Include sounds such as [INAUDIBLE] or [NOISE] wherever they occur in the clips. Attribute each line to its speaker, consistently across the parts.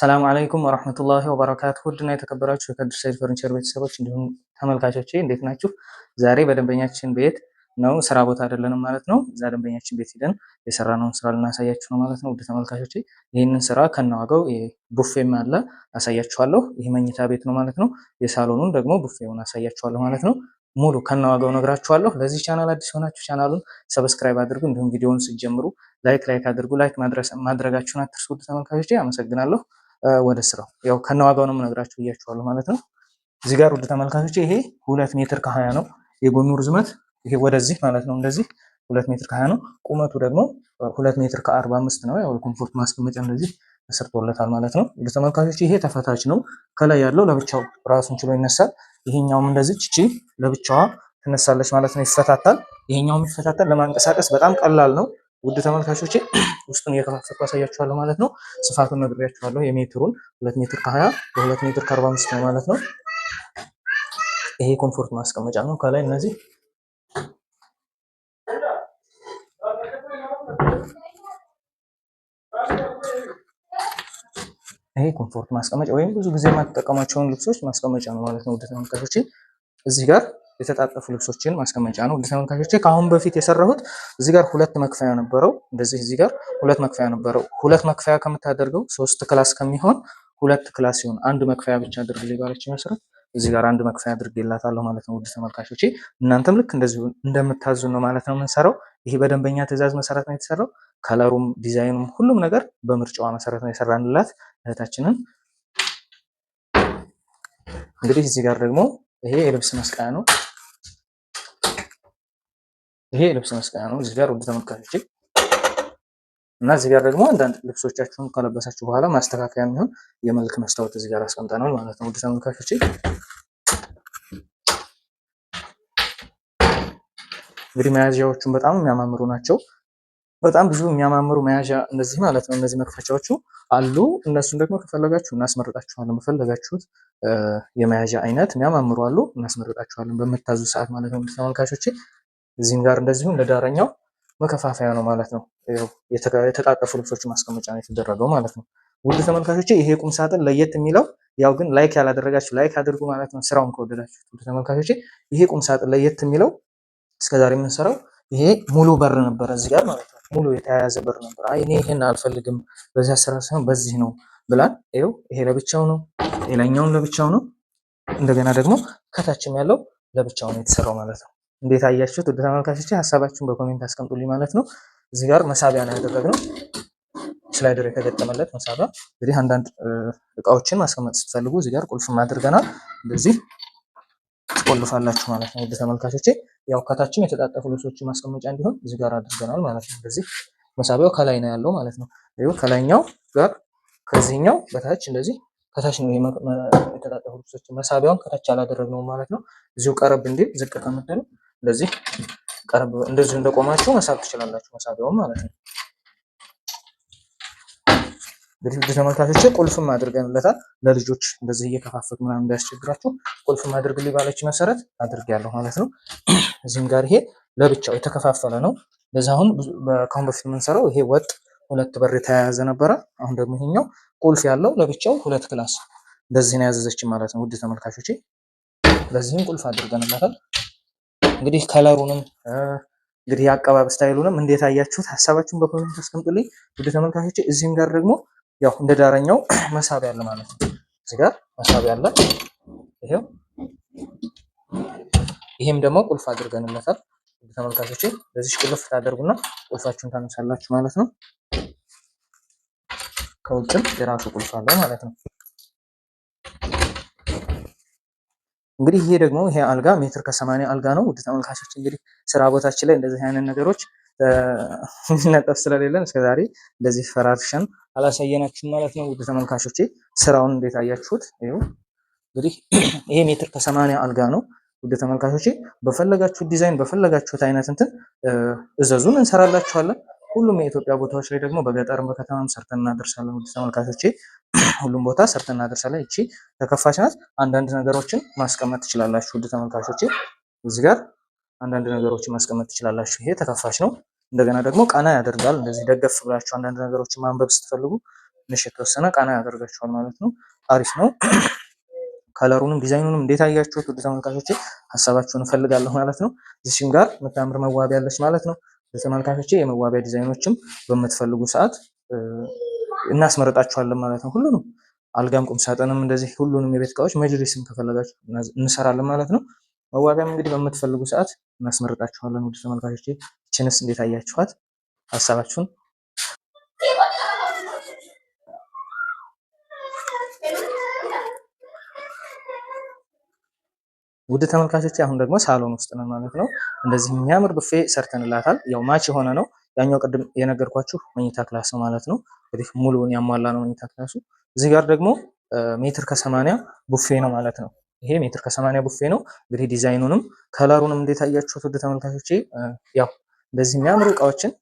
Speaker 1: ሰላም አለይኩም ወራህመቱላሂ ወበረካቱ ውድና የተከበራችሁ የቅዱስ ሰይድ ፈርኒቸር ቤተሰቦች እንዲሁም ተመልካቾች እንዴት ናችሁ? ዛሬ በደንበኛችን ቤት ነው፣ ስራ ቦታ አይደለንም ማለት ነው። እዛ ደንበኛችን ቤት ሂደን የሰራነውን ስራ ልናሳያችሁ ነው ማለት ነው። ውድ ተመልካቾች ይህንን ስራ ከነዋጋው ቡፌም አለ አሳያችኋለሁ። ይህ መኝታ ቤት ነው ማለት ነው። የሳሎኑን ደግሞ ቡፌውን አሳያችኋለሁ ማለት ነው። ሙሉ ከነዋጋው ነግራችኋለሁ። ለዚህ ቻናል አዲስ ሆናችሁ ቻናሉን ሰብስክራይብ አድርጉ፣ እንዲሁም ቪዲዮውን ስጀምሩ ላይክ ላይክ አድርጉ። ላይክ ማድረጋችሁን አትርሱ። ውድ ተመልካቾች አመሰግናለሁ። ወደ ስራው ያው ከነዋጋው ነው የምነግራችሁ ብያችኋለሁ ማለት ነው። እዚህ ጋር ውድ ተመልካቾች ይሄ ሁለት ሜትር ከሀያ ነው የጎኑ ርዝመት ይሄ ወደዚህ ማለት ነው እንደዚህ ሁለት ሜትር ከሀያ ነው። ቁመቱ ደግሞ ሁለት ሜትር ከአርባ አምስት ነው። ያው የኮምፎርት ማስቀመጫ እንደዚህ ተሰርቶለታል ማለት ነው። ውድ ተመልካቾች ይሄ ተፈታች ነው። ከላይ ያለው ለብቻው ራሱን ችሎ ይነሳል። ይሄኛውም እንደዚህ ቺቺ ለብቻዋ ትነሳለች ማለት ነው። ይፈታታል። ይሄኛውም ይፈታታል። ለማንቀሳቀስ በጣም ቀላል ነው። ውድ ተመልካቾቼ ውስጡን እየከፋፈትኩ አሳያችኋለሁ ማለት ነው። ስፋቱን ነግሬያችኋለሁ። የሜትሩን ሁለት ሜትር ከ20 በሁለት ሜትር ከአርባ አምስት ነው ማለት ነው። ይሄ ኮምፎርት ማስቀመጫ ነው። ከላይ እነዚህ ይሄ ኮንፎርት ማስቀመጫ ወይም ብዙ ጊዜ የማትጠቀማቸውን ልብሶች ማስቀመጫ ነው ማለት ነው። ውድ ተመልካቾቼ እዚህ ጋር የተጣጠፉ ልብሶችን ማስቀመጫ ነው። ተመልካቾች ከአሁን በፊት የሰራሁት እዚህ ጋር ሁለት መክፈያ ነበረው። እንደዚህ እዚህ ጋር ሁለት መክፈያ ነበረው። ሁለት መክፈያ ከምታደርገው ሶስት ክላስ ከሚሆን ሁለት ክላስ ሲሆን አንድ መክፈያ ብቻ አድርግ ባለች መሰረት እዚህ ጋር አንድ መክፈያ አድርጌላታለሁ ማለት ነው። ውድ ተመልካቾቼ እናንተም ልክ እንደዚሁ እንደምታዙ ነው ማለት ነው የምንሰራው። ይሄ በደንበኛ ትዕዛዝ መሰረት ነው የተሰራው። ከለሩም ዲዛይኑም ሁሉም ነገር በምርጫዋ መሰረት ነው የሰራንላት እህታችንን። እንግዲህ እዚህ ጋር ደግሞ ይሄ የልብስ መስቀያ ነው። ይሄ ልብስ መስቀያ ነው። እዚህ ጋር ውድ ተመልካቾች እና እዚህ ጋር ደግሞ አንዳንድ ልብሶቻችሁን ከለበሳችሁ በኋላ ማስተካከያ የሚሆን የመልክ መስታወት እዚህ ጋር አስቀምጠናል ማለት ነው። ውድ ተመልካቾች እንግዲህ መያዣዎቹን በጣም የሚያማምሩ ናቸው። በጣም ብዙ የሚያማምሩ መያዣ እነዚህ ማለት ነው። እነዚህ መክፈቻዎቹ አሉ። እነሱን ደግሞ ከፈለጋችሁ እናስመርጣችኋለን። በፈለጋችሁት የመያዣ አይነት የሚያማምሩ አሉ። እናስመርጣችኋለን በምታዙ ሰዓት ማለት ነው። ተመልካቾቼ እዚህም ጋር እንደዚሁ ለዳረኛው መከፋፈያ ነው ማለት ነው። የተጣጠፉ ልብሶች ማስቀመጫ ነው የተደረገው ማለት ነው። ውድ ተመልካቾች ይሄ ቁም ሳጥን ለየት የሚለው ያው ግን ላይክ ያላደረጋችሁ ላይክ አድርጉ ማለት ነው። ስራውን ከወደዳችሁ ውድ ተመልካቾች ይሄ ቁም ሳጥን ለየት የሚለው እስከዛሬ የምንሰራው ይሄ ሙሉ በር ነበረ እዚህ ጋር ማለት ነው። ሙሉ የተያያዘ በር ነበር። አይ እኔ ይሄን አልፈልግም በዚህ አሰራር ሳይሆን በዚህ ነው ብላን ይኸው ይሄ ለብቻው ነው፣ ሌላኛውን ለብቻው ነው። እንደገና ደግሞ ከታችም ያለው ለብቻው ነው የተሰራው ማለት ነው። እንዴት አያችሁት? ውድ ተመልካቾች ሀሳባችሁን በኮሜንት አስቀምጡልኝ ማለት ነው። እዚህ ጋር መሳቢያ ነው ያደረግነው፣ ስላይደር የተገጠመለት መሳቢያ። እንግዲህ አንዳንድ እቃዎችን ማስቀመጥ ስትፈልጉ እዚህ ጋር ቁልፍ አድርገናል። እንደዚህ ትቆልፋላችሁ ማለት ነው። ውድ ያው ከታችም የተጣጠፉ ልብሶችን ማስቀመጫ እንዲሆን እዚህ ጋር አድርገናል ማለት ነው። እንደዚህ መሳቢያው ከላይ ነው ያለው ማለት ነው። ይኸው ከላይኛው ጋር ከዚህኛው በታች እንደዚህ ከታች ነው የተጣጠፉ ልብሶችን መሳቢያውን ከታች አላደረግነው ማለት ነው። እዚሁ ቀረብ እንዲል ዝቅ ከምትሉ እንደዚህ ቀረብ እንደዚህ እንደቆማችሁ መሳብ ትችላላችሁ። መሳቢያውም ማለት ነው። እንግዲህ ውድ ተመልካቾች ቁልፍም አድርገንለታል ለልጆች እንደዚህ እየከፋፈት ምናምን እንዳያስቸግራችሁ ቁልፍም አድርግልኝ ባለች መሰረት አድርጌያለሁ ማለት ነው። እዚህም ጋር ይሄ ለብቻው የተከፋፈለ ነው። ለዚ አሁን ከአሁን በፊት የምንሰራው ይሄ ወጥ ሁለት በር የተያያዘ ነበረ። አሁን ደግሞ ይሄኛው ቁልፍ ያለው ለብቻው ሁለት ክላስ እንደዚህ ነው ያዘዘችን ማለት ነው። ውድ ተመልካቾቼ ለዚህም ቁልፍ አድርገንለታል። እንግዲህ ከለሩንም እንግዲህ የአቀባብ ስታይሉንም እንዴት አያችሁት? ሀሳባችሁን በኮሜንት አስቀምጡልኝ ውድ ተመልካቾች። እዚህም ጋር ደግሞ ያው እንደ ዳረኛው [CLEARS THROAT] መሳቢያ አለ ማለት ነው። እዚህ ጋር መሳቢያ አለ። ይሄው ይሄም ደግሞ ቁልፍ አድርገንለታል ውድ ተመልካቾች። በዚህ ቁልፍ ታደርጉና ቁልፋችሁን ታነሳላችሁ ማለት ነው። ከውጭም የራሱ ቁልፍ አለ ማለት ነው። እንግዲህ ይሄ ደግሞ ይሄ አልጋ ሜትር ከሰማንያ አልጋ ነው። ውድ ተመልካቾች እንግዲህ ስራ ቦታችን ላይ እንደዚህ አይነት ነገሮች [LAUGHS] ነጠፍ ስለሌለን እስከዛሬ እንደዚህ ፈራርሽን አላሳየናችሁም ማለት ነው። ውድ ተመልካቾች ስራውን እንዴት አያችሁት? እንግዲህ [CLEARS THROAT] ይሄ ሜትር ከሰማንያ አልጋ ነው። ውድ ተመልካቾች በፈለጋችሁት ዲዛይን በፈለጋችሁት አይነት እንትን እዘዙን እንሰራላችኋለን። ሁሉም የኢትዮጵያ ቦታዎች ላይ ደግሞ በገጠርም በከተማም ሰርተን እናደርሳለን። ውድ ተመልካቾች ሁሉም ቦታ ሰርተን እናደርሳለን። እቺ ተከፋች ናት። አንዳንድ ነገሮችን ማስቀመጥ ትችላላችሁ ውድ ተመልካቾች፣ እዚህ ጋር አንዳንድ ነገሮችን ማስቀመጥ ትችላላችሁ። ይሄ ተከፋች ነው። እንደገና ደግሞ ቀና ያደርጋል። እንደዚህ ደገፍ ብላችሁ አንዳንድ ነገሮችን ማንበብ ስትፈልጉ ትንሽ የተወሰነ ቀና ያደርጋችኋል ማለት ነው። አሪፍ ነው። ከለሩንም ዲዛይኑንም እንዴት አያችሁት ውድ ተመልካቾች ሀሳባችሁን እፈልጋለሁ ማለት ነው። እዚህም ጋር የምታምር መዋቢያ አለች ማለት ነው። ለተመልካቾች የመዋቢያ ዲዛይኖችም በምትፈልጉ ሰዓት እናስመረጣችኋለን ማለት ነው። ሁሉንም አልጋም፣ ቁም ሳጥንም እንደዚህ ሁሉንም የቤት እቃዎች መጅሊስም ከፈለጋችሁ እንሰራለን ማለት ነው። መዋቢያም እንግዲህ በምትፈልጉ ሰዓት እናስመርጣችኋለን። ውድ ተመልካቾች ችንስ እንዴት አያችኋት? ሀሳባችሁን ውድ ተመልካቾች አሁን ደግሞ ሳሎን ውስጥ ነን ማለት ነው። እንደዚህ የሚያምር ብፌ ሰርተንላታል። ያው ማች የሆነ ነው ያኛው ቅድም የነገርኳችሁ መኝታ ክላስ ማለት ነው። እንግዲህ ሙሉውን ያሟላ ነው መኝታ ክላሱ። እዚህ ጋር ደግሞ ሜትር ከሰማንያ ቡፌ ነው ማለት ነው። ይሄ ሜትር ከሰማንያ ቡፌ ነው። እንግዲህ ዲዛይኑንም ከለሩንም እንዴት አያችሁት ውድ ተመልካቾች? ያው እንደዚህ የሚያምሩ እቃዎችን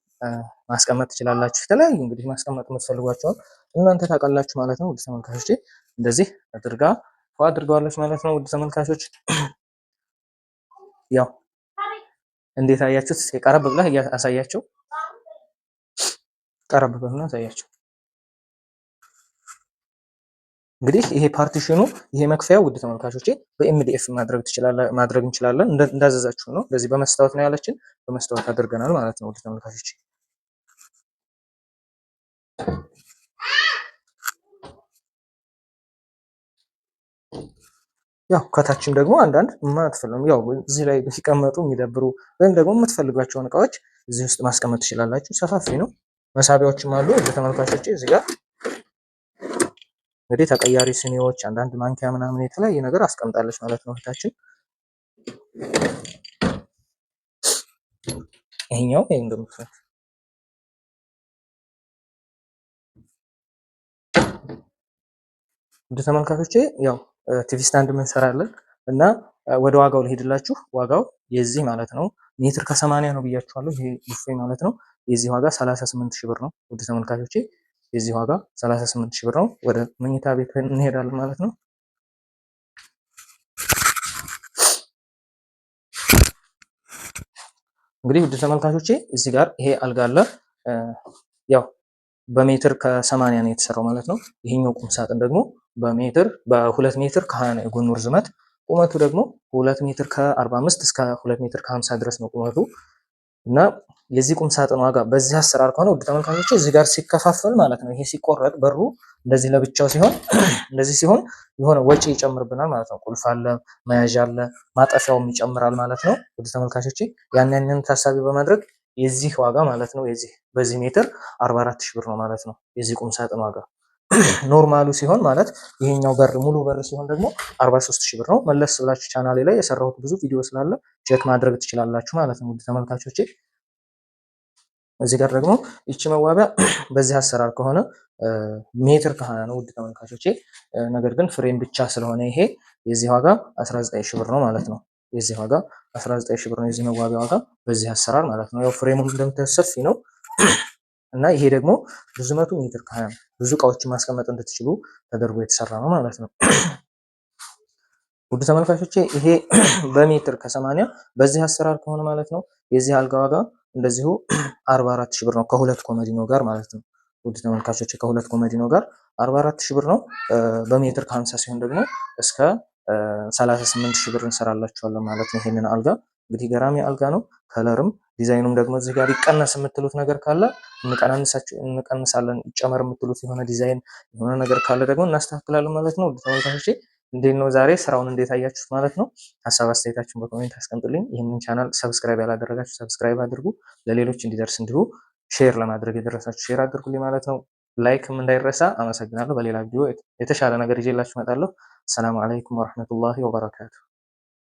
Speaker 1: ማስቀመጥ ትችላላችሁ። የተለያዩ እንግዲህ ማስቀመጥ የምትፈልጓቸውን እናንተ ታውቃላችሁ ማለት ነው ውድ ተመልካቾች እንደዚህ አድርጋ አድርገዋለች ማለት ነው ውድ ተመልካቾች። ያው እንዴት አያችሁት? ቀረብ ብላ አሳያቸው ቀረብ ብለን እናሳያቸው። እንግዲህ ይሄ ፓርቲሽኑ ይሄ መክፈያው ውድ ተመልካቾቼ በኤምዲኤፍ ማድረግ ትችላለህ ማድረግ እንችላለን። እንዳዘዛችሁ ነው። በዚህ በመስታወት ነው ያለችን፣ በመስታወት አድርገናል ማለት ነው ውድ ተመልካቾቼ። ያው ከታችም ደግሞ አንዳንድ ማትፈልም ያው እዚህ ላይ ሲቀመጡ የሚደብሩ ወይም ደግሞ የምትፈልጓቸውን እቃዎች እዚህ ውስጥ ማስቀመጥ ትችላላችሁ። ሰፋፊ ነው። መሳቢያዎችም አሉ። እዚህ ተመልካቾች እዚህ ጋር እንግዲህ ተቀያሪ ስኒዎች፣ አንዳንድ ማንኪያ ምናምን የተለያየ ነገር አስቀምጣለች ማለት ነው እህታችን። ይሄኛው ይሄ እንደምትፈት ውድ ተመልካቾቼ ያው ቲቪ ስታንድ እንሰራለን እና ወደ ዋጋው ልሄድላችሁ። ዋጋው የዚህ ማለት ነው ሜትር ከሰማንያ ነው ብያችኋለሁ። ይሄ ቡፌ ማለት ነው የዚህ ዋጋ 38 ሺህ ብር ነው። ውድ ተመልካቾቼ የዚህ ዋጋ 38 ሺህ ብር ነው። ወደ መኝታ ቤት እንሄዳለን ማለት ነው። እንግዲህ ውድ ተመልካቾቼ እዚህ ጋር ይሄ አልጋ አለ። ያው በሜትር ከሰማንያ ነው የተሰራው ማለት ነው። ይሄኛው ቁም ሳጥን ደግሞ በሜትር በሁለት ሜትር ከሀያ ነው የጎኑ ርዝመት ቁመቱ ደግሞ ሁለት ሜትር ከአርባ አምስት እስከ ሁለት ሜትር ከሀምሳ ድረስ ነው ቁመቱ። እና የዚህ ቁም ሳጥን ዋጋ በዚህ አሰራር ከሆነ ውድ ተመልካቾች እዚህ ጋር ሲከፋፈል ማለት ነው። ይሄ ሲቆረጥ በሩ እንደዚህ ለብቻው ሲሆን [CLEARS THROAT] እንደዚህ ሲሆን የሆነ ወጪ ይጨምርብናል ማለት ነው። ቁልፍ አለ፣ መያዣ አለ፣ ማጠፊያውም ይጨምራል ማለት ነው። ውድ ተመልካቾች ያን ያንን ታሳቢ በማድረግ የዚህ ዋጋ ማለት ነው የዚህ በዚህ ሜትር ሺህ ብር ነው ማለት ነው የዚህ ቁም ሳጥን ዋጋ። ኖርማሉ ሲሆን ማለት ይሄኛው በር ሙሉ በር ሲሆን ደግሞ 43000 ብር ነው። መለስ ብላችሁ ቻናሌ ላይ የሰራሁት ብዙ ቪዲዮ ስላለ ቼክ ማድረግ ትችላላችሁ ማለት ነው ተመልካቾቼ። እዚህ ጋር ደግሞ ይቺ መዋቢያ [CLEARS THROAT] በዚህ አሰራር ከሆነ ሜትር ከሆነ ነው ውድ ተመልካቾቼ። ነገር ግን ፍሬም ብቻ ስለሆነ ይሄ የዚህ ዋጋ 19000 ብር ነው ማለት ነው። የዚህ ዋጋ 19000 ብር ነው የዚህ መዋቢያ ዋጋ በዚህ አሰራር ማለት ነው። ያው ፍሬሙ እንደምታዩት ሰፊ ነው። [CLEARS THROAT] እና ይሄ ደግሞ ብዙ መቶ ሜትር ብዙ እቃዎችን ማስቀመጥ እንድትችሉ ተደርጎ የተሰራ ነው ማለት ነው። [CLEARS THROAT] ውድ ተመልካቾቼ ይሄ [CLEARS THROAT] በሜትር ከሰማንያ በዚህ አሰራር ከሆነ ማለት ነው የዚህ አልጋ ዋጋ እንደዚሁ 44 [CLEARS THROAT] ሺህ ብር ነው ከሁለት ኮመዲኖ ጋር ማለት ነው። ውድ ተመልካቾቼ ከሁለት ኮመዲኖ ጋር 44 ሺህ ብር ነው። በሜትር ከ50 ሲሆን ደግሞ እስከ 38 ሺህ ብር እንሰራላችኋለን ማለት ነው ይሄንን አልጋ እንግዲህ ገራሚ አልጋ ነው። ከለርም ዲዛይኑም ደግሞ እዚህ ጋር ይቀነስ የምትሉት ነገር ካለ እንቀንሳለን፣ ይጨመር የምትሉት የሆነ ዲዛይን የሆነ ነገር ካለ ደግሞ እናስተካክላለን ማለት ነው። ተመልካቾች እንዴት ነው ዛሬ ስራውን እንዴት አያችሁት ማለት ነው። ሀሳብ አስተያየታችሁን በኮሜንት አስቀምጡልኝ። ይህንን ቻናል ሰብስክራይብ ያላደረጋችሁ ሰብስክራይብ አድርጉ፣ ለሌሎች እንዲደርስ እንዲሁ ሼር ለማድረግ የደረሳችሁ ሼር አድርጉልኝ ማለት ነው። ላይክም እንዳይረሳ። አመሰግናለሁ። በሌላ ቪዲዮ የተሻለ ነገር ይዤላችሁ እመጣለሁ። ሰላም አለይኩም ወረህመቱላሂ ወበረካቱ።